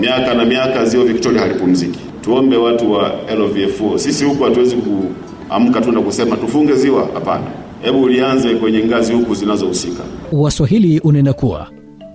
Miaka na miaka ziwa Victoria halipumziki. Tuombe watu wa LVF4. sisi huku hatuwezi kuamka tu na kusema tufunge ziwa, hapana. Hebu ulianze kwenye ngazi huku zinazohusika. Waswahili unena kuwa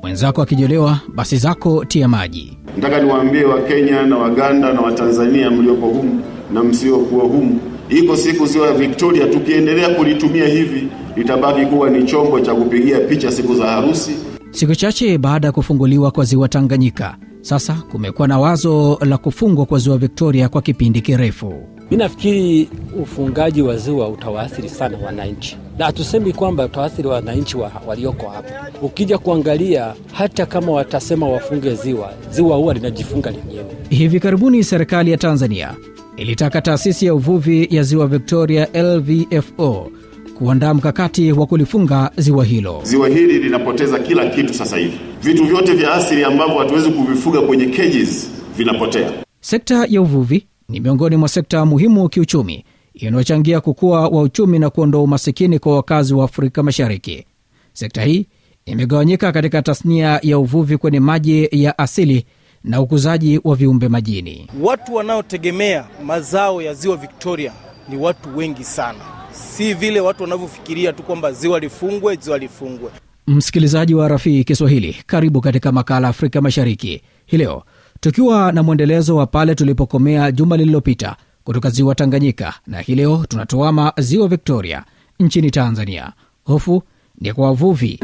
mwenzako akijolewa, basi zako tia maji. Nataka niwaambie Wakenya na Waganda na Watanzania mliopo humu na msiokuwa humu Iko siku ziwa ya Victoria, tukiendelea kulitumia hivi litabaki kuwa ni chombo cha kupigia picha siku za harusi. Siku chache baada ya kufunguliwa kwa ziwa Tanganyika, sasa kumekuwa na wazo la kufungwa kwa ziwa Victoria kwa kipindi kirefu. Mi nafikiri ufungaji wa ziwa utawaathiri sana wananchi, na hatusemi kwamba utawaathiri wananchi wa walioko hapa. Ukija kuangalia, hata kama watasema wafunge ziwa, ziwa huwa linajifunga lenyewe. Hivi karibuni serikali ya Tanzania ilitaka taasisi ya uvuvi ya ziwa Victoria LVFO kuandaa mkakati wa kulifunga ziwa hilo. Ziwa hili linapoteza kila kitu sasa hivi, vitu vyote vya asili ambavyo hatuwezi kuvifuga kwenye cages vinapotea. Sekta ya uvuvi ni miongoni mwa sekta muhimu kiuchumi inayochangia kukua wa uchumi na kuondoa umasikini kwa wakazi wa Afrika Mashariki. Sekta hii imegawanyika katika tasnia ya uvuvi kwenye maji ya asili na ukuzaji wa viumbe majini. Watu wanaotegemea mazao ya ziwa Victoria ni watu wengi sana, si vile watu wanavyofikiria tu kwamba ziwa lifungwe, ziwa lifungwe. Msikilizaji wa Rafii Kiswahili, karibu katika makala Afrika Mashariki hii leo, tukiwa na mwendelezo wa pale tulipokomea juma lililopita kutoka ziwa Tanganyika, na hii leo tunatuama ziwa Victoria nchini Tanzania. Hofu ni kwa wavuvi.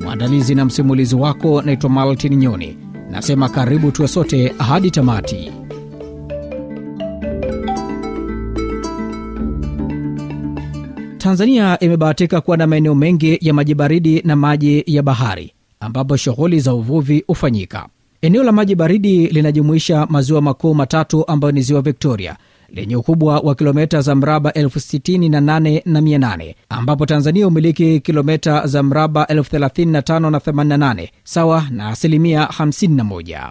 Mwandalizi na msimulizi wako naitwa Maltin Nyoni. Nasema karibu tuwe sote hadi tamati. Tanzania imebahatika kuwa na maeneo mengi ya maji baridi na maji ya bahari ambapo shughuli za uvuvi hufanyika. Eneo la maji baridi linajumuisha maziwa makuu matatu ambayo ni ziwa Victoria, lenye ukubwa wa kilomita za mraba elfu na ambapo Tanzania humiliki kilomita za mraba elfu sawa na asilimia 51.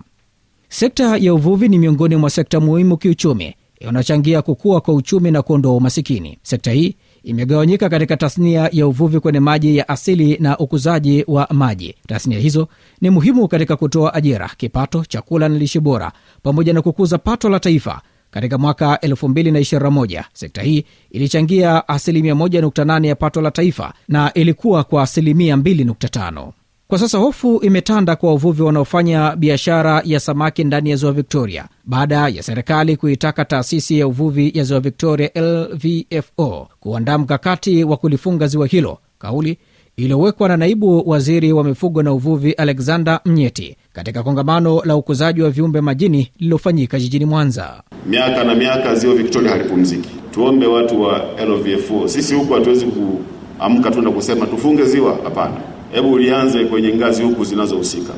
Sekta ya uvuvi ni miongoni mwa sekta muhimu kiuchumi inachangia kukua kwa uchumi na kuondoa umasikini. Sekta hii imegawanyika katika tasnia ya uvuvi kwenye maji ya asili na ukuzaji wa maji. Tasnia hizo ni muhimu katika kutoa ajira, kipato, chakula na lishe bora, pamoja na kukuza pato la taifa katika mwaka 221 sekta hii ilichangia asilimia 1.8 ya pato la taifa na ilikuwa kwa asilimia 2.5. Kwa sasa hofu imetanda kwa wavuvi wanaofanya biashara ya samaki ndani ya ziwa Victoria baada ya serikali kuitaka taasisi ya uvuvi ya ziwa Victoria LVFO kuandaa mkakati wa kulifunga ziwa hilo, kauli iliyowekwa na naibu waziri wa mifugo na uvuvi Alexander Mnyeti katika kongamano la ukuzaji wa viumbe majini lililofanyika jijini Mwanza. Miaka na miaka ziwa viktoria halipumziki. Tuombe watu wa lvf sisi huku hatuwezi kuamka tu na kusema tufunge ziwa, hapana. Hebu ulianze kwenye ngazi huku zinazohusika,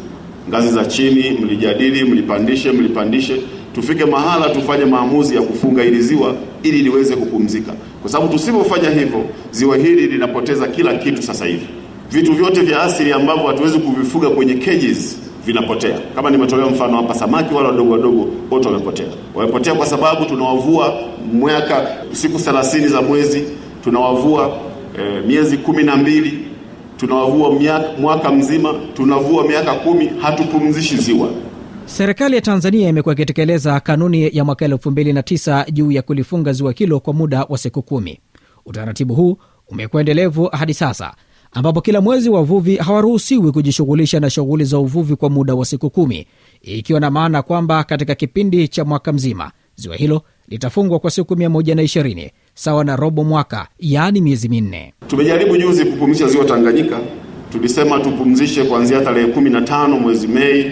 ngazi za chini, mlijadili, mlipandishe, mlipandishe tufike mahala tufanye maamuzi ya kufunga hili ziwa ili liweze kupumzika, kwa sababu tusipofanya hivyo ziwa hili linapoteza kila kitu. Sasa hivi vitu vyote vya asili ambavyo hatuwezi kuvifuga kwenye cages vinapotea. Kama nimetolea mfano hapa, samaki wale wadogo wadogo wote wamepotea. Wamepotea kwa sababu tunawavua mwaka siku 30 za mwezi, tunawavua e, miezi kumi na mbili tunawavua mwaka mzima, tunavua miaka kumi, hatupumzishi ziwa. Serikali ya Tanzania imekuwa ikitekeleza kanuni ya mwaka elfu mbili na tisa juu ya kulifunga ziwa hilo kwa muda wa siku kumi. Utaratibu huu umekuwa endelevu hadi sasa ambapo kila mwezi wavuvi hawaruhusiwi kujishughulisha na shughuli za uvuvi kwa muda wa siku kumi, ikiwa na maana kwamba katika kipindi cha mwaka mzima ziwa hilo litafungwa kwa siku 120 sawa na robo mwaka, yaani miezi minne. Tumejaribu juzi kupumzisha ziwa Tanganyika, tulisema tupumzishe kuanzia tarehe 15 mwezi Mei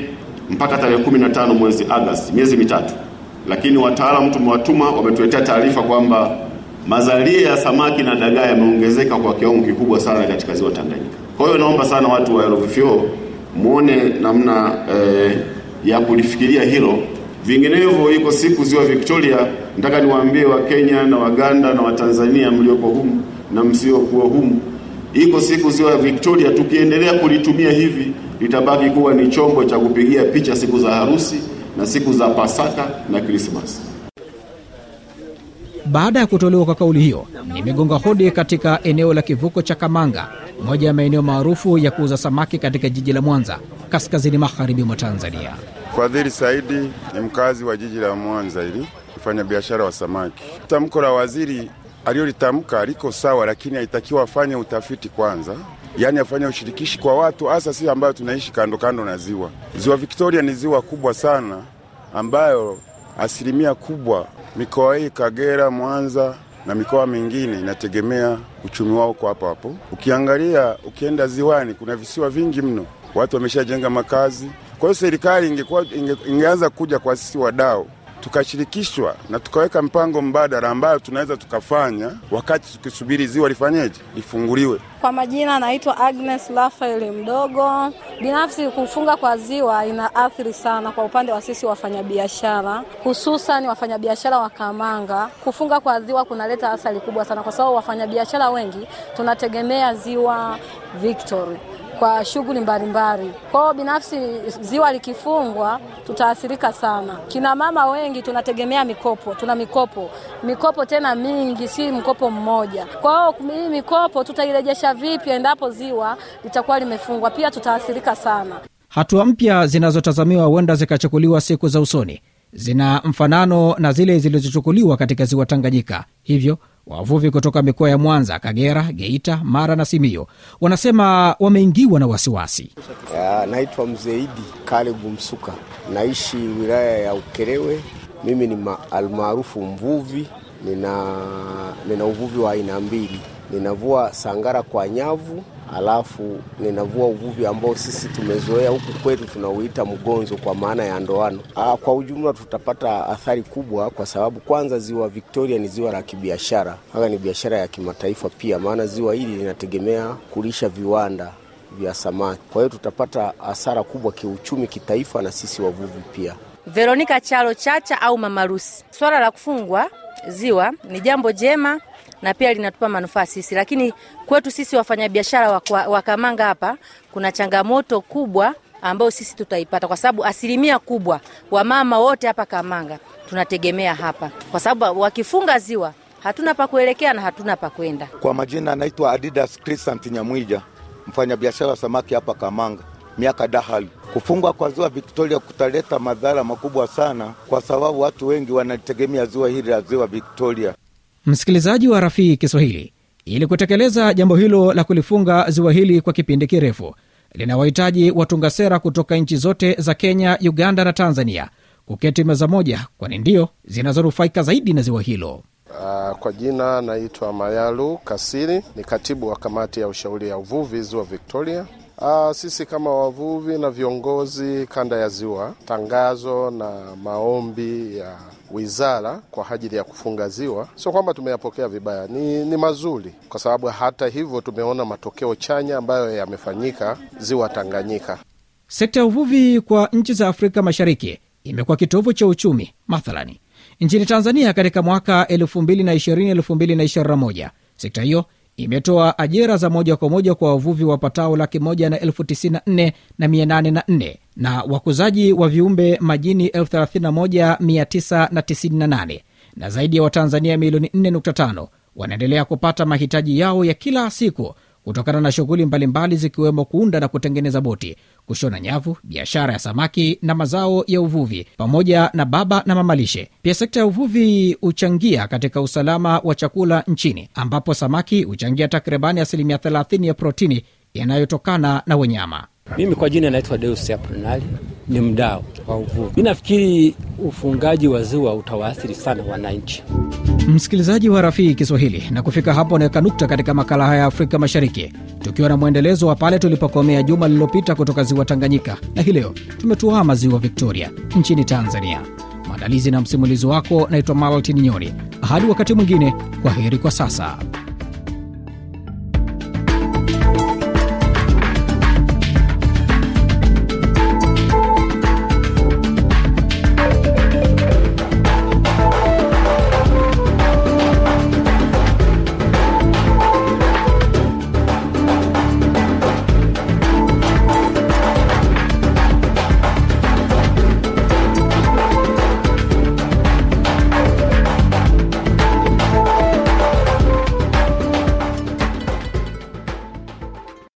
mpaka tarehe 15 mwezi Agosti, miezi mitatu. Lakini wataalamu tumewatuma, wametuletea taarifa kwamba mazalia ya samaki na dagaa yameongezeka kwa kiwango kikubwa sana katika ziwa Tanganyika. Kwa hiyo naomba sana watu wa Elofifio muone namna eh, ya kulifikiria hilo, vinginevyo iko siku ziwa Victoria. Nataka niwaambie Wakenya na Waganda na Watanzania mlioko humu na msiokuwa humu, iko siku ziwa Victoria, tukiendelea kulitumia hivi litabaki kuwa ni chombo cha kupigia picha siku za harusi na siku za Pasaka na krismas Baada ya kutolewa kwa kauli hiyo, nimegonga hodi katika eneo la kivuko cha Kamanga, moja ya maeneo maarufu ya kuuza samaki katika jiji la Mwanza, kaskazini magharibi mwa Tanzania. Fadhili Saidi ni mkazi wa jiji la Mwanza, ili mfanya biashara wa samaki. Tamko la waziri aliyolitamka liko sawa, lakini haitakiwa afanye utafiti kwanza yani afanya ushirikishi kwa watu, hasa si ambayo tunaishi kando kando na ziwa. Ziwa Victoria ni ziwa kubwa sana ambayo asilimia kubwa mikoa hii Kagera, Mwanza na mikoa mingine inategemea uchumi wao kwa hapo hapo. Ukiangalia, ukienda ziwani, kuna visiwa vingi mno, watu wameshajenga makazi. Kwa hiyo serikali ingekuwa ingeanza kuja kwa sisi wadau tukashirikishwa na tukaweka mpango mbadala ambayo tunaweza tukafanya wakati tukisubiri ziwa lifanyeje, lifunguliwe. Kwa majina anaitwa Agnes Rafael Mdogo. Binafsi, kufunga kwa ziwa ina athiri sana kwa upande wa sisi wafanyabiashara, hususan wafanyabiashara wa Kamanga. Kufunga kwa ziwa kunaleta athari kubwa sana, kwa sababu wafanyabiashara wengi tunategemea ziwa Victoria kwa shughuli mbalimbali. Kwao binafsi, ziwa likifungwa tutaathirika sana. Kina mama wengi tunategemea mikopo, tuna mikopo, mikopo tena mingi, si mkopo mmoja. Kwao hii mikopo tutairejesha vipi endapo ziwa litakuwa limefungwa? Pia tutaathirika sana. Hatua mpya zinazotazamiwa huenda zikachukuliwa siku za usoni zina mfanano na zile zilizochukuliwa katika ziwa Tanganyika, hivyo Wavuvi kutoka mikoa ya Mwanza, Kagera, Geita, Mara na Simio wanasema wameingiwa na wasiwasi. Naitwa Mzeidi karibu Msuka, naishi wilaya ya Ukerewe. Mimi ni almaarufu mvuvi, nina, nina uvuvi wa aina mbili, ninavua sangara kwa nyavu alafu ninavua uvuvi ambao sisi tumezoea huku kwetu tunauita mgonzo kwa maana ya ndoano. Aa, ah, kwa ujumla tutapata athari kubwa, kwa sababu kwanza ziwa Victoria ni ziwa la kibiashara, hata ni biashara ya kimataifa pia, maana ziwa hili linategemea kulisha viwanda vya samaki. Kwa hiyo tutapata hasara kubwa kiuchumi, kitaifa na sisi wavuvi pia. Veronika Chalo Chacha au Mama Rusi, swala la kufungwa ziwa ni jambo jema na pia linatupa manufaa sisi, lakini kwetu sisi wafanyabiashara wa Kamanga hapa kuna changamoto kubwa ambayo sisi tutaipata kwa sababu asilimia kubwa wamama wote hapa Kamanga tunategemea hapa, kwa sababu wakifunga ziwa hatuna pa kuelekea na hatuna pa kwenda. Kwa majina anaitwa Adidas Crisant Nyamwija, mfanyabiashara wa samaki hapa Kamanga miaka dahali. Kufungwa kwa ziwa Victoria kutaleta madhara makubwa sana, kwa sababu watu wengi wanategemea ziwa hili la ziwa Victoria msikilizaji wa rafii kiswahili ili kutekeleza jambo hilo la kulifunga ziwa hili kwa kipindi kirefu linawahitaji watunga sera kutoka nchi zote za kenya uganda na tanzania kuketi meza moja kwani ndio zinazonufaika zaidi na ziwa hilo Uh, kwa jina naitwa Mayalu Kasili, ni katibu wa kamati ya ushauri ya uvuvi ziwa Victoria. Uh, sisi kama wavuvi na viongozi kanda ya ziwa, tangazo na maombi ya wizara kwa ajili ya kufunga ziwa sio kwamba tumeyapokea vibaya, ni, ni mazuri kwa sababu hata hivyo tumeona matokeo chanya ambayo yamefanyika ziwa Tanganyika. Sekta ya uvuvi kwa nchi za Afrika Mashariki imekuwa kitovu cha uchumi. Mathalani nchini Tanzania katika mwaka 2020 2021 sekta hiyo imetoa ajira za moja kwa moja kwa wavuvi patao laki moja na elfu tisini na nne na mia nane na nne na wakuzaji wa viumbe majini elfu thelathini na moja mia tisa na tisini na nane na zaidi ya Watanzania milioni 4.5 wanaendelea kupata mahitaji yao ya kila siku kutokana na shughuli mbalimbali zikiwemo kuunda na kutengeneza boti, kushona nyavu, biashara ya samaki na mazao ya uvuvi, pamoja na baba na mamalishe. Pia sekta ya uvuvi huchangia katika usalama wa chakula nchini, ambapo samaki huchangia takribani asilimia 30 ya protini yanayotokana na wenyama. Mimi kwa jina naitwa Deus Apronali, ni mdao wa uvuvi. Mi nafikiri ufungaji wa ziwa utawaathiri sana wananchi. Msikilizaji wa Rafii Kiswahili, na kufika hapo naweka nukta katika makala haya ya Afrika Mashariki, tukiwa na mwendelezo wa pale tulipokomea juma lililopita kutoka ziwa Tanganyika, na hii leo tumetuama ziwa Victoria nchini Tanzania. Maandalizi na msimulizi wako naitwa Maltin Nyoni. Hadi wakati mwingine, kwa heri kwa sasa.